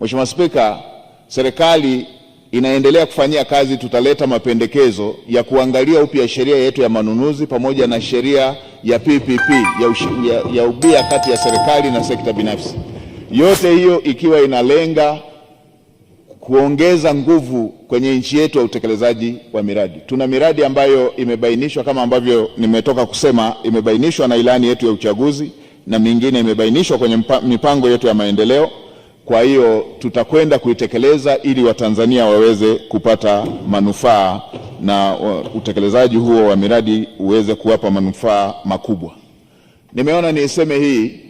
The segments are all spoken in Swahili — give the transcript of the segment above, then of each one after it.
Mheshimiwa Spika, serikali inaendelea kufanyia kazi, tutaleta mapendekezo ya kuangalia upya sheria yetu ya manunuzi pamoja na sheria ya PPP ya, ya, ya ubia kati ya serikali na sekta binafsi, yote hiyo ikiwa inalenga kuongeza nguvu kwenye nchi yetu ya utekelezaji wa miradi. Tuna miradi ambayo imebainishwa kama ambavyo nimetoka kusema, imebainishwa na ilani yetu ya uchaguzi na mingine imebainishwa kwenye mipango yetu ya maendeleo. Kwa hiyo tutakwenda kuitekeleza ili Watanzania waweze kupata manufaa na uh, utekelezaji huo wa miradi uweze kuwapa manufaa makubwa. Nimeona niiseme hii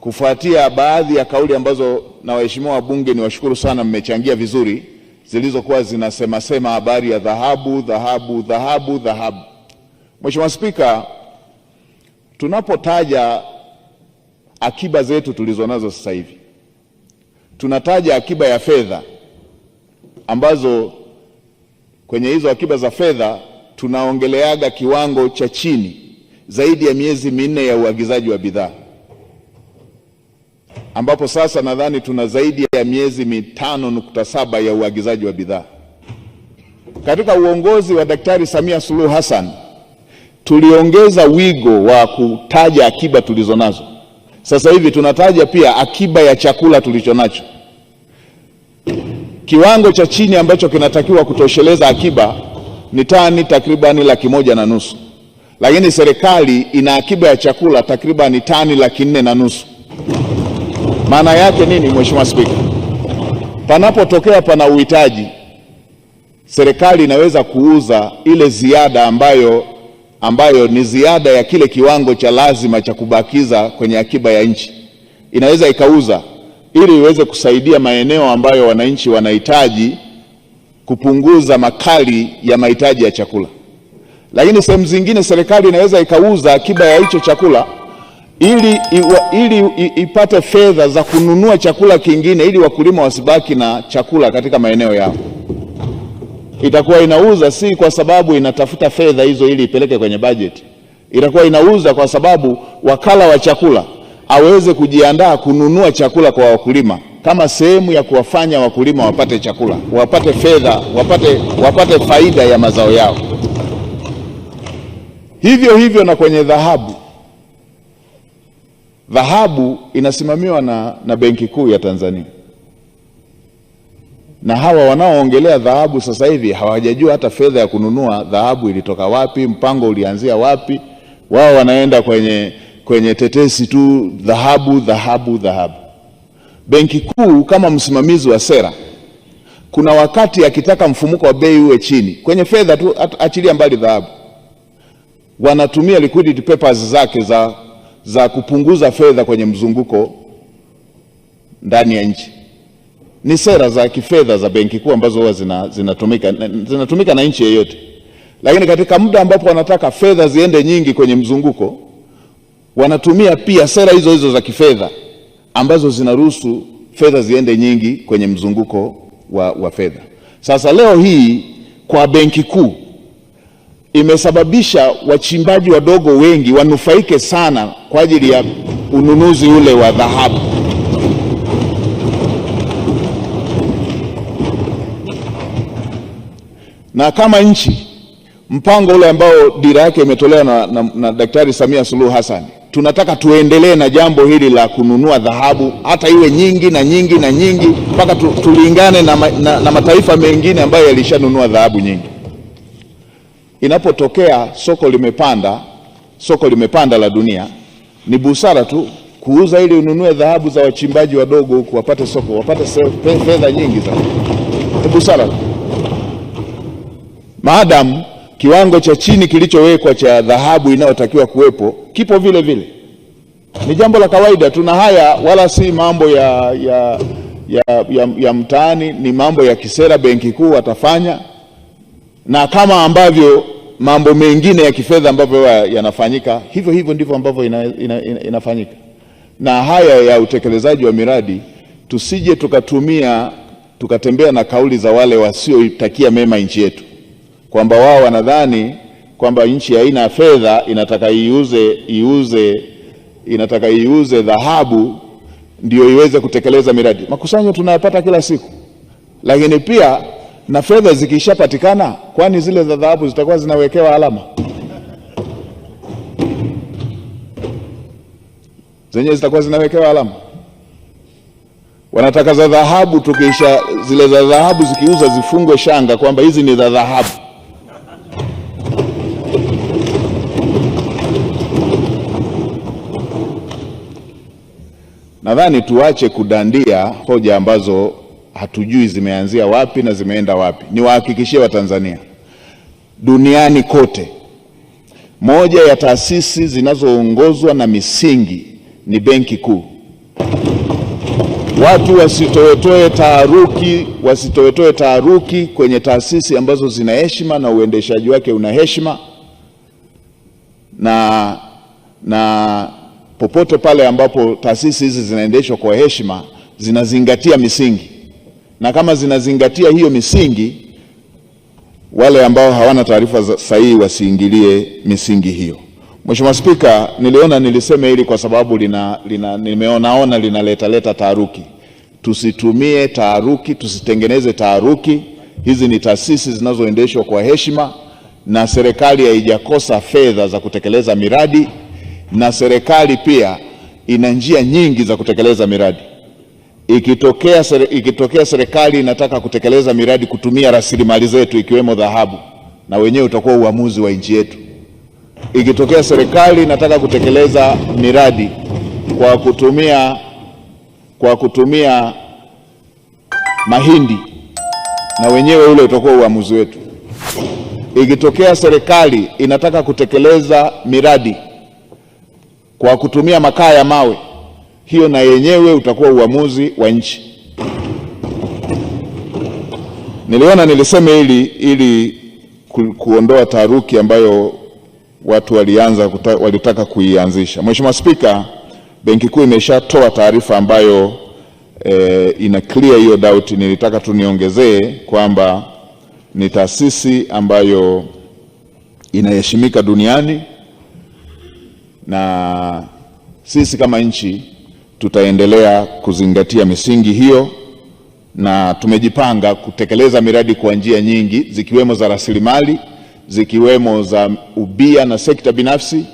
kufuatia baadhi ya kauli ambazo na waheshimiwa wabunge, niwashukuru sana, mmechangia vizuri, zilizokuwa zinasemasema habari ya dhahabu, dhahabu, dhahabu, dhahabu. Mheshimiwa Spika, tunapotaja akiba zetu tulizonazo sasa hivi tunataja akiba ya fedha ambazo kwenye hizo akiba za fedha tunaongeleaga kiwango cha chini zaidi ya miezi minne ya uagizaji wa bidhaa, ambapo sasa nadhani tuna zaidi ya miezi mitano nukta saba ya uagizaji wa bidhaa. Katika uongozi wa Daktari Samia Suluhu Hassan tuliongeza wigo wa kutaja akiba tulizonazo sasa hivi tunataja pia akiba ya chakula tulicho nacho Kiwango cha chini ambacho kinatakiwa kutosheleza akiba ni tani takribani laki moja na nusu, lakini serikali ina akiba ya chakula takribani tani laki nne na nusu. Maana yake nini, Mheshimiwa Spika? Panapotokea pana uhitaji, serikali inaweza kuuza ile ziada ambayo ambayo ni ziada ya kile kiwango cha lazima cha kubakiza kwenye akiba ya nchi, inaweza ikauza ili iweze kusaidia maeneo ambayo wananchi wanahitaji kupunguza makali ya mahitaji ya chakula. Lakini sehemu zingine serikali inaweza ikauza akiba ya hicho chakula ili, ili ipate fedha za kununua chakula kingine ili wakulima wasibaki na chakula katika maeneo yao itakuwa inauza si kwa sababu inatafuta fedha hizo ili ipeleke kwenye bajeti, itakuwa inauza kwa sababu wakala wa chakula aweze kujiandaa kununua chakula kwa wakulima kama sehemu ya kuwafanya wakulima wapate chakula, wapate fedha, wapate, wapate faida ya mazao yao. Hivyo hivyo na kwenye dhahabu. Dhahabu inasimamiwa na, na Benki Kuu ya Tanzania na hawa wanaoongelea dhahabu sasa hivi hawajajua hata fedha ya kununua dhahabu ilitoka wapi, mpango ulianzia wapi. Wao wanaenda kwenye, kwenye tetesi tu, dhahabu dhahabu dhahabu. Benki Kuu kama msimamizi wa sera, kuna wakati akitaka mfumuko wa bei uwe chini kwenye fedha tu, achilia mbali dhahabu, wanatumia liquidity papers zake za, za kupunguza fedha kwenye mzunguko ndani ya nchi ni sera za kifedha za benki kuu ambazo huwa zinatumika zinatumika na nchi yeyote, lakini katika muda ambapo wanataka fedha ziende nyingi kwenye mzunguko, wanatumia pia sera hizo hizo za kifedha ambazo zinaruhusu fedha ziende nyingi kwenye mzunguko wa, wa fedha. Sasa leo hii kwa benki kuu imesababisha wachimbaji wadogo wengi wanufaike sana kwa ajili ya ununuzi ule wa dhahabu. na kama nchi mpango ule ambao dira yake imetolewa na, na, na Daktari Samia Suluhu Hassan, tunataka tuendelee na jambo hili la kununua dhahabu hata iwe nyingi na nyingi na nyingi mpaka tu, tulingane na, na, na mataifa mengine ambayo yalishanunua dhahabu nyingi. Inapotokea soko limepanda, soko limepanda la dunia, ni busara tu kuuza ili ununue dhahabu za wachimbaji wadogo huku wapate soko, wapate fedha nyingi za ni busara tu maadam kiwango cha chini kilichowekwa cha dhahabu inayotakiwa kuwepo kipo vile vile. Ni jambo la kawaida, tuna haya, wala si mambo ya, ya, ya, ya, ya mtaani, ni mambo ya kisera. Benki Kuu watafanya na kama ambavyo mambo mengine ya kifedha ambavyo yanafanyika hivyo hivyo ndivyo ambavyo ina, ina, ina, inafanyika. Na haya ya utekelezaji wa miradi tusije tukatumia tukatembea na kauli za wale wasioitakia mema nchi yetu kwamba wao wanadhani kwamba nchi haina fedha, inataka iuze iuze inataka iuze dhahabu ndio iweze kutekeleza miradi. Makusanyo tunayapata kila siku, lakini pia na fedha zikishapatikana, kwani zile za dhahabu zitakuwa zinawekewa alama zenye zitakuwa zinawekewa alama. Wanataka za dhahabu, tukisha zile za dhahabu zikiuza zifungwe shanga kwamba hizi ni za dhahabu. Nadhani tuache kudandia hoja ambazo hatujui zimeanzia wapi na zimeenda wapi. Niwahakikishie Watanzania duniani kote, moja ya taasisi zinazoongozwa na misingi ni Benki Kuu. Watu wasitoetoe taharuki, wasitoetoe taharuki kwenye taasisi ambazo zina heshima na uendeshaji wake una heshima na na popote pale ambapo taasisi hizi zinaendeshwa kwa heshima zinazingatia misingi, na kama zinazingatia hiyo misingi, wale ambao hawana taarifa sahihi wasiingilie misingi hiyo. Mheshimiwa Spika, niliona niliseme hili kwa sababu lina, lina, nimeonaona linaletaleta taharuki. Tusitumie taharuki, tusitengeneze taharuki. Hizi ni taasisi zinazoendeshwa kwa heshima na serikali haijakosa fedha za kutekeleza miradi na serikali pia ina njia nyingi za kutekeleza miradi. Ikitokea, ikitokea serikali inataka kutekeleza miradi kutumia rasilimali zetu ikiwemo dhahabu, na wenyewe utakuwa uamuzi wa nchi yetu. Ikitokea serikali inataka kutekeleza miradi kwa kutumia, kwa kutumia mahindi, na wenyewe ule utakuwa uamuzi wetu. Ikitokea serikali inataka kutekeleza miradi kwa kutumia makaa ya mawe, hiyo na yenyewe utakuwa uamuzi wa nchi. Niliona nilisema hili ili kuondoa taharuki ambayo watu walianza kuta, walitaka kuianzisha. Mheshimiwa Spika, Benki Kuu imeshatoa taarifa ambayo e, ina clear hiyo doubt. Nilitaka tu niongezee kwamba ni taasisi ambayo inaheshimika duniani na sisi kama nchi tutaendelea kuzingatia misingi hiyo, na tumejipanga kutekeleza miradi kwa njia nyingi, zikiwemo za rasilimali, zikiwemo za ubia na sekta binafsi